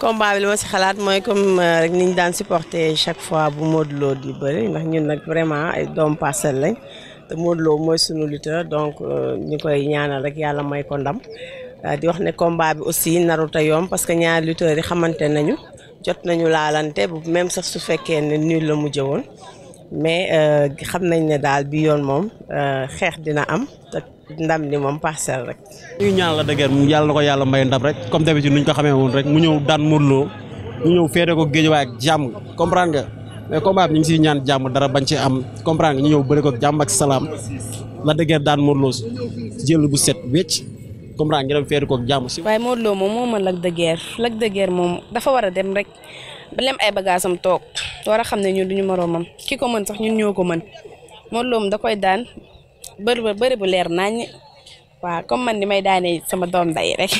combat bi li si xalaat moy comme euh, rek niñ ñu daan supporter chaque fois bu modlo di bëri ndax ñun nak vraiment ay dom parcelle lañ te modlo moy mooy lutteur donc euh, ñi koy ñaanal rek yalla may ko ndam euh, di wax ne combat bi aussi narut yom parce que ñaar lutteur yi xamanté nañu jot nañu laalante bu même sax su fekkee ne nul la mujjee woon mais xam nañ ne daal bi yoon moom xeex dina am ndam ni mom parcelle rek. ñu ñaan la deuguer mu yalla nako yalla may ndam rek comme d'habitude nuñ ko xamé woon rek mu ñew daan Modou Lo mu ñëw féete ko géej waaye ak jàmm comprendre nga mais combat ñu ci ñaan jamm dara bañ ci am comprendre nga ñu ñew bëri ko jamm ak salam la deuguer daan Modou jël bu set wécc comprendre nga dem fédé ko jamm ci way Modou mom mo man lak deuguer lak deuguer mom dafa wara dem rek ba lem ay bagages am toog war a xam duñu maro mom kiko man sax ñun ñoko man mën mom da koy daan bëri ba bëri bu leer naññ waaw comme man ni may daane sama doom day rek.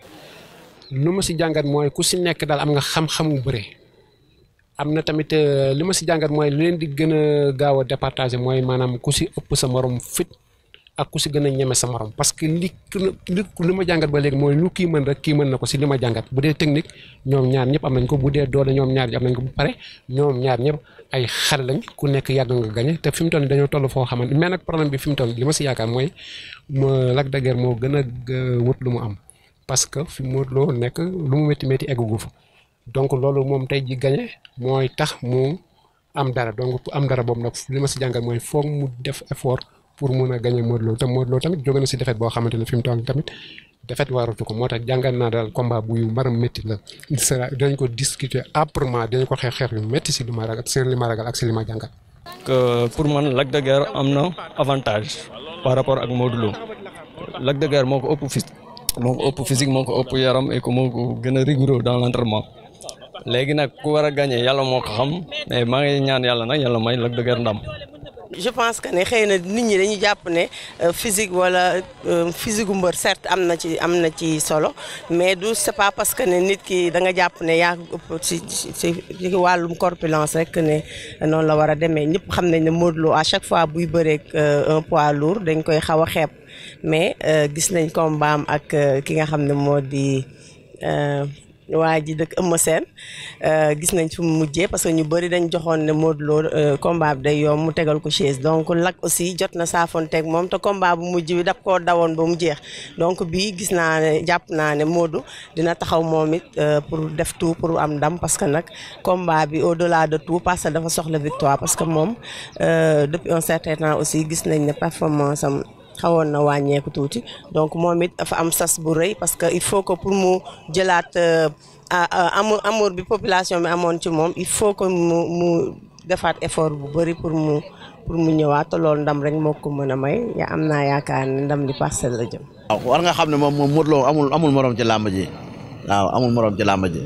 lu ma si jàngat mooy ku si nekk daal am nga xam-xamu bëre am na tamit euh, li ma si jàngat mooy li leen di gën a gaaw a départager mooy maanaam ku si ëpp sa morom fit. ak ku si gën a sa morom parce que li li ma jàngat ba léegi mooy lu ki mën rek kii mën na ko si li ma jàngat bu dee technique ñoom ñaar ñëpp am nañ ko bu dee doole ñoom ñaar am nañ ko bu pare ñoom ñaar ñëpp ay xale lañ ku nekk yàgg nga gagné te fi mu toll dañoo toll foo xamante mais nag problème bi fi mu toll li ma si yaakaar mooy ma de wut lu mu am parce que fi mu loo nekk lu mu métti métti eggu fa donc loolu moom tey ji gagné mooy tax mu am dara donc am dara boobu nag li ma si jàngat mooy foog mu def effort pour mun a gagné Modou Lo te Modou Lo tamit jóge na si defet boo xamante ne fi mu toll tamit defet waaratu ko moo tax jàngal naa daal combat bu yu mbaram métti la il ko discuter âprement dinañ ko xeex xeex yu métti si li ma ragal si ma ragal ak si li ma jàngal. pour man Lac de am na avantage par rapport ak Modou Lo Lac moo ko ëpp physique moo ko ëpp physique moo ko ëpp yaram et que moo ko gën a rigoureux dans l'entraînement léegi nag ku war a gagné yàlla moo ko xam mais maa ngi ñaan yàlla nag yàlla may Lac de ndam. je pense que ne xëy na nit ñi dañuy jàpp ne euh, physique wala euh, physique gu mbër certes am na ci am na ci solo mais du c'est pas parce que ne nit ki da nga jàpp ne yaa ëpp ci wàllum corpulence rek ne noonu la war a demee ñëpp xam nañ ne Modou Lo à chaque fois buy bëreek euh, un poids lourd dañ koy xaw a xeeb mais gis nañ combat am ak ki nga xam ne moo di. waa ji dëkk Eumeu Sène euh, gis nañ fi mu mujjee parce que ñu bëri dañ joxoon ne Modou Lo euh, combat bi day yomb mu tegal ko chaise donc Lac aussi jot na saafonteeg moom te combat bu mujj bi daf koo dawoon ba mu jeex donc bii gis naa ne jàpp naa ne Modou dina taxaw moom it euh, pour def tout pour am ndam parce que nag combat bi de delà de tout parce que dafa soxla victoire parce que moom depuis un certain temps aussi gis nañ ne performance am xawon na wàññeeku tuuti donc momit it dafa am sas bu reuy parce que il faut que pour mu jëlaat euh, euh, amour amour bi population bi amon ci mom il faut que mu mu defaat effort bu bari pour mu pour mu ñëwaat lool ndam rek moko mëna may ya amna yaakaar ndam li parcel la jëm. war nga xamne mom mom modlo amul amul morom ci làmb ji waaw amul morom ci làmb ji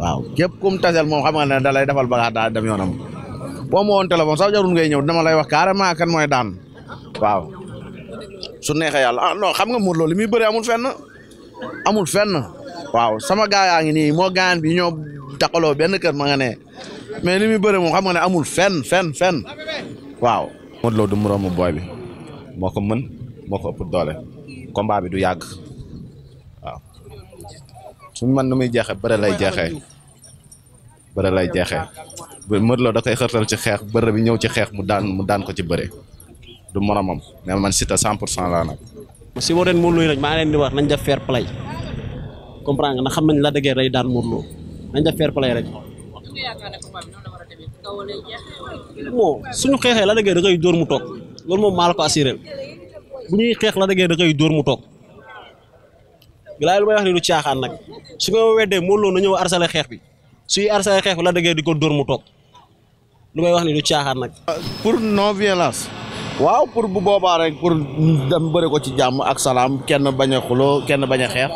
waaw kep kum tasel mom xam nga na dalay defal baga da dem yonam bo ma won telephone sax jarul ngay ñew dama lay wax carrément kan moy daan waaw. su neexee yàlla ah non xam nga Modou Lo li muy bëri amul fenn amul fenn waaw sama gaa yaa ngi nii moo gaan bi ñoo daqaloo benn kër ma nga ne mais li muy bëri moom xam nga ne amul fenn fenn fenn waaw. Modou Lo du moroomu booy bi moo ko mën moo ko ëpp doole combat bi du yàgg waaw suñu man nu muy jeexee bëre lay jeexee bëre lay jeexee Modou Lo da koy xërtal ci xeex bëre bi ñëw ci xeex mu daan mu daan ko ci bëre. du moromam ne man cité 100% la nak si mo den modlo rek ma len di wax nañ def fair play comprendre na xam nañ la dege ray daan mourlo nañ def fair play rek mo suñu xexé la dege da ngay door mu tok lool mom mala ko assurer buñuy xex la dege da ngay door mu tok gilaay lu may wax ni lu ciaxaan nak su ko wédé modlo na ñëw arsalé xex bi suy arsalé xex la dege diko ko door mu tok lu may wax ni lu ciaxaan nak pour non violence waaw pour bu boobaa rek pour dem bëri ko ci jàmm ak salaam kenn bañ a kenn bañ xeex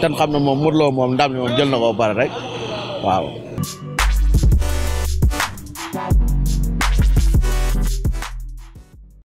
ten xam ne moom Modou moom ndam li moom jël na ko ba rek waaw.